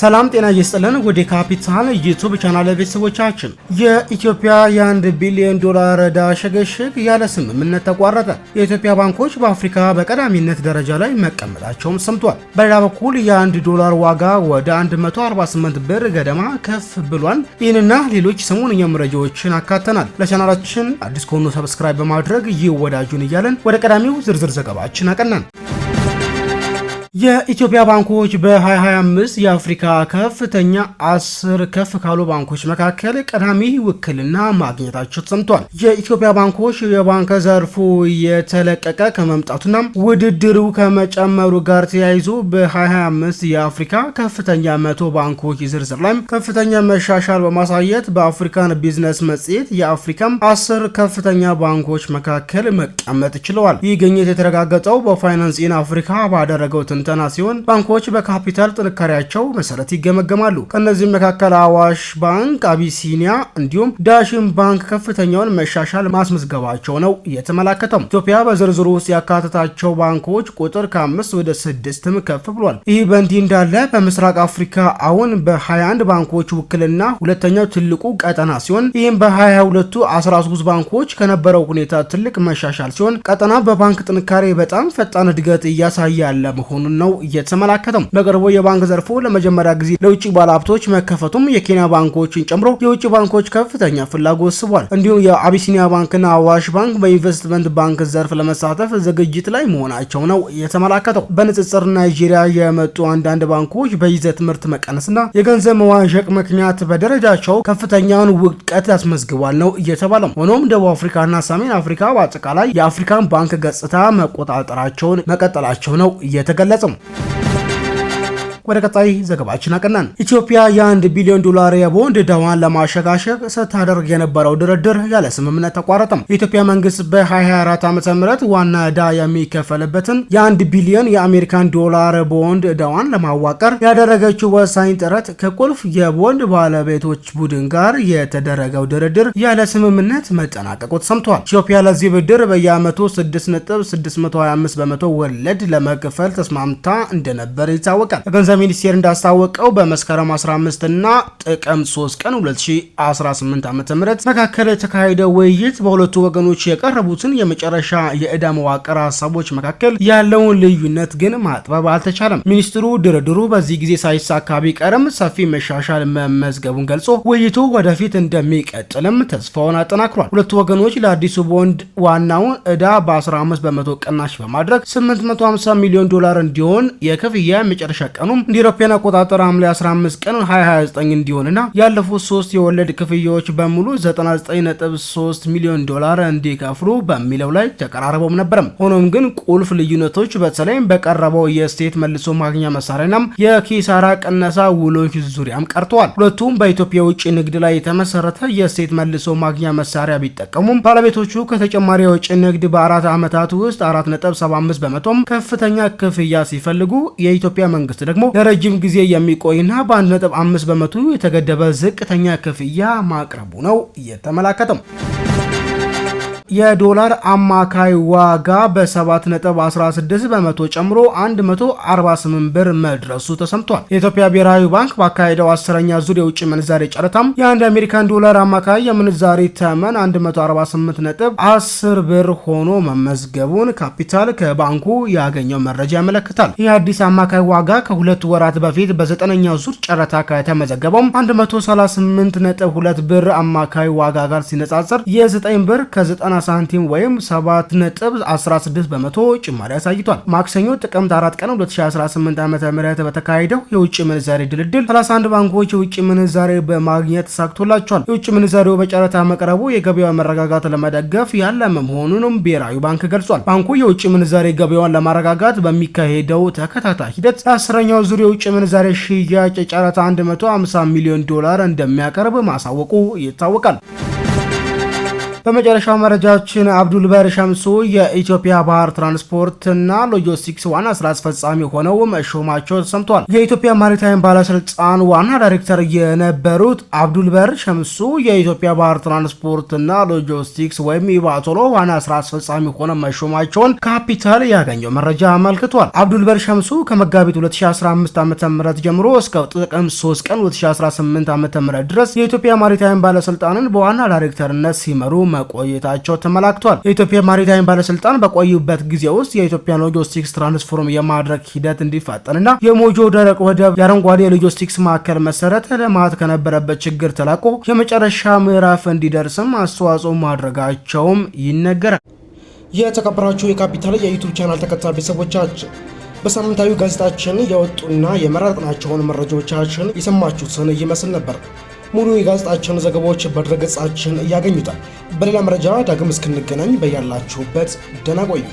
ሰላም ጤና ይስጥልን። ወደ ካፒታል ዩቱብ ቻናል ቤተሰቦቻችን የኢትዮጵያ የአንድ ቢሊዮን ዶላር ዕዳ ሽግሽግ ያለ ስምምነት ተቋረጠ። የኢትዮጵያ ባንኮች በአፍሪካ በቀዳሚነት ደረጃ ላይ መቀመጣቸውም ሰምቷል። በሌላ በኩል የአንድ ዶላር ዋጋ ወደ 148 ብር ገደማ ከፍ ብሏል። ይህንና ሌሎች ሰሞንኛ መረጃዎችን አካተናል። ለቻናላችን አዲስ ከሆኑ ሰብስክራይብ በማድረግ ይወዳጁን እያለን ወደ ቀዳሚው ዝርዝር ዘገባችን አቀናን። የኢትዮጵያ ባንኮች በ2025 የአፍሪካ ከፍተኛ አስር ከፍ ካሉ ባንኮች መካከል ቀዳሚ ውክልና ማግኘታቸው ተሰምቷል። የኢትዮጵያ ባንኮች የባንክ ዘርፉ የተለቀቀ ከመምጣቱና ውድድሩ ከመጨመሩ ጋር ተያይዞ በ2025 የአፍሪካ ከፍተኛ መቶ ባንኮች ዝርዝር ላይ ከፍተኛ መሻሻል በማሳየት በአፍሪካን ቢዝነስ መጽሔት የአፍሪካም አስር ከፍተኛ ባንኮች መካከል መቀመጥ ችለዋል። ይህ ግኝት የተረጋገጠው በፋይናንስ ኢን አፍሪካ ባደረገው ትንተና ሲሆን ባንኮች በካፒታል ጥንካሬያቸው መሰረት ይገመገማሉ። ከእነዚህም መካከል አዋሽ ባንክ፣ አቢሲኒያ እንዲሁም ዳሽን ባንክ ከፍተኛውን መሻሻል ማስመዝገባቸው ነው የተመላከተው። ኢትዮጵያ በዝርዝሩ ውስጥ ያካተታቸው ባንኮች ቁጥር ከአምስት ወደ ስድስትም ከፍ ብሏል። ይህ በእንዲህ እንዳለ በምስራቅ አፍሪካ አሁን በ21 ባንኮች ውክልና ሁለተኛው ትልቁ ቀጠና ሲሆን ይህም በ22ቱ 13 ባንኮች ከነበረው ሁኔታ ትልቅ መሻሻል ሲሆን ቀጠና በባንክ ጥንካሬ በጣም ፈጣን እድገት እያሳየ ያለ መሆኑን መሆኑን ነው እየተመላከተው። በቅርቡ የባንክ ዘርፉ ለመጀመሪያ ጊዜ ለውጭ ባለሀብቶች መከፈቱም የኬንያ ባንኮችን ጨምሮ የውጭ ባንኮች ከፍተኛ ፍላጎት ስቧል። እንዲሁም የአቢሲኒያ ባንክና አዋሽ ባንክ በኢንቨስትመንት ባንክ ዘርፍ ለመሳተፍ ዝግጅት ላይ መሆናቸው ነው የተመላከተው። በንጽጽር ናይጄሪያ የመጡ አንዳንድ ባንኮች በይዘት ምርት መቀነስና የገንዘብ መዋዠቅ ምክንያት በደረጃቸው ከፍተኛውን ውድቀት ያስመዝግቧል ነው እየተባለው። ሆኖም ደቡብ አፍሪካና ሰሜን አፍሪካ በአጠቃላይ የአፍሪካን ባንክ ገጽታ መቆጣጠራቸውን መቀጠላቸው ነው እየተገለጸ అవకాశం ወደ ቀጣይ ዘገባችን አቀናን። ኢትዮጵያ የአንድ ቢሊዮን ዶላር የቦንድ ዕዳዋን ለማሸጋሸግ ስታደርግ የነበረው ድርድር ያለ ስምምነት ተቋረጠም። የኢትዮጵያ መንግስት በ2024 ዓ ም ዋና ዕዳ የሚከፈልበትን የአንድ ቢሊዮን የአሜሪካን ዶላር ቦንድ ዕዳዋን ለማዋቀር ያደረገችው ወሳኝ ጥረት ከቁልፍ የቦንድ ባለቤቶች ቡድን ጋር የተደረገው ድርድር ያለ ስምምነት መጠናቀቁ ተሰምቷል። ኢትዮጵያ ለዚህ ብድር በየዓመቱ 6.625 በመቶ ወለድ ለመክፈል ተስማምታ እንደነበር ይታወቃል። ሚኒስቴር እንዳስታወቀው በመስከረም 15 እና ጥቅም 3 ቀን 2018 ዓ ም መካከል የተካሄደ ውይይት በሁለቱ ወገኖች የቀረቡትን የመጨረሻ የዕዳ መዋቅር ሀሳቦች መካከል ያለውን ልዩነት ግን ማጥበብ አልተቻለም። ሚኒስትሩ ድርድሩ በዚህ ጊዜ ሳይሳካ ቢቀርም ሰፊ መሻሻል መመዝገቡን ገልጾ ውይይቱ ወደፊት እንደሚቀጥልም ተስፋውን አጠናክሯል። ሁለቱ ወገኖች ለአዲሱ ቦንድ ዋናውን ዕዳ በ15 በመቶ ቅናሽ በማድረግ 850 ሚሊዮን ዶላር እንዲሆን የክፍያ የመጨረሻ ቀኑም እንደ ኢሮፓውያን አቆጣጠር ሐምሌ 15 ቀን 2029 እንዲሆንና ያለፉት ሶስት የወለድ ክፍያዎች በሙሉ 99.3 ሚሊዮን ዶላር እንዲከፍሉ በሚለው ላይ ተቀራርበውም ነበረም። ሆኖም ግን ቁልፍ ልዩነቶች በተለይም በቀረበው የስቴት መልሶ ማግኛ መሳሪያና የኪሳራ ቅነሳ ውሎች ዙሪያም ቀርተዋል። ሁለቱም በኢትዮጵያ ውጭ ንግድ ላይ የተመሰረተ የስቴት መልሶ ማግኛ መሳሪያ ቢጠቀሙም ባለቤቶቹ ከተጨማሪ የውጭ ንግድ በአራት ዓመታት ውስጥ 4.75 በመቶም ከፍተኛ ክፍያ ሲፈልጉ የኢትዮጵያ መንግስት ደግሞ ለረጅም ጊዜ የሚቆይና በ1.5 በመቶ የተገደበ ዝቅተኛ ክፍያ ማቅረቡ ነው እየተመላከተም። የዶላር አማካይ ዋጋ በ7.16 በመቶ ጨምሮ 148 ብር መድረሱ ተሰምቷል። የኢትዮጵያ ብሔራዊ ባንክ ባካሄደው አስረኛ ዙር የውጭ ምንዛሬ ጨረታም የአንድ አሜሪካን ዶላር አማካይ የምንዛሬ ተመን 10 ብር ሆኖ መመዝገቡን ካፒታል ከባንኩ ያገኘው መረጃ ያመለክታል። ይህ አዲስ አማካይ ዋጋ ከሁለት ወራት በፊት በዘጠነኛው ዙር ጨረታ ከተመዘገበውም 2 ብር አማካይ ዋጋ ጋር ሲነጻጸር የ9 ብር ከ9 ሳንቲም ወይም 7.16 በመቶ ጭማሪ አሳይቷል። ማክሰኞ ጥቅምት 4 ቀን 2018 ዓ ም በተካሄደው የውጭ ምንዛሬ ድልድል 31 ባንኮች የውጭ ምንዛሬ በማግኘት ተሳክቶላቸዋል። የውጭ ምንዛሬው በጨረታ መቅረቡ የገበያ መረጋጋት ለመደገፍ ያለመ መሆኑንም ብሔራዊ ባንክ ገልጿል። ባንኩ የውጭ ምንዛሬ ገበያውን ለማረጋጋት በሚካሄደው ተከታታይ ሂደት ለአስረኛው ዙር የውጭ ምንዛሬ ሽያጭ የጨረታ 150 ሚሊዮን ዶላር እንደሚያቀርብ ማሳወቁ ይታወቃል። በመጨረሻው መረጃችን አብዱል በር ሸምሱ የኢትዮጵያ ባህር ትራንስፖርትና ሎጂስቲክስ ዋና ስራ አስፈጻሚ ሆነው መሾማቸው ተሰምቷል። የኢትዮጵያ ማሪታይም ባለስልጣን ዋና ዳይሬክተር የነበሩት አብዱል በር ሸምሱ የኢትዮጵያ ባህር ትራንስፖርትና ሎጂስቲክስ ወይም ኢባቶሎ ዋና ስራ አስፈጻሚ ሆነ መሾማቸውን ካፒታል ያገኘው መረጃ አመልክቷል። አብዱል በር ሸምሱ ከመጋቢት 2015 ም ጀምሮ እስከ ጥቅም 3 ቀን 2018 ዓ.ም ድረስ የኢትዮጵያ ማሪታይም ባለስልጣንን በዋና ዳይሬክተርነት ሲመሩ መቆየታቸው ተመላክቷል። የኢትዮጵያ ማሪታይም ባለስልጣን በቆዩበት ጊዜ ውስጥ የኢትዮጵያን ሎጂስቲክስ ትራንስፎርም የማድረግ ሂደት እንዲፋጠንና የሞጆ ደረቅ ወደብ የአረንጓዴ ሎጂስቲክስ ማዕከል መሰረተ ልማት ከነበረበት ችግር ተላቆ የመጨረሻ ምዕራፍ እንዲደርስም አስተዋጽኦ ማድረጋቸውም ይነገራል። የተከበራችሁ የካፒታል የዩቱብ ቻናል ተከታታይ ቤተሰቦቻችን በሳምንታዊ ጋዜጣችን የወጡና የመረጥናቸውን መረጃዎቻችን የሰማችሁትን ይመስል ነበር። ሙሉ የጋዜጣችን ዘገባዎች በድረገጻችን ያገኙታል። በሌላ መረጃ ዳግም እስክንገናኝ በያላችሁበት ደህና ቆዩ።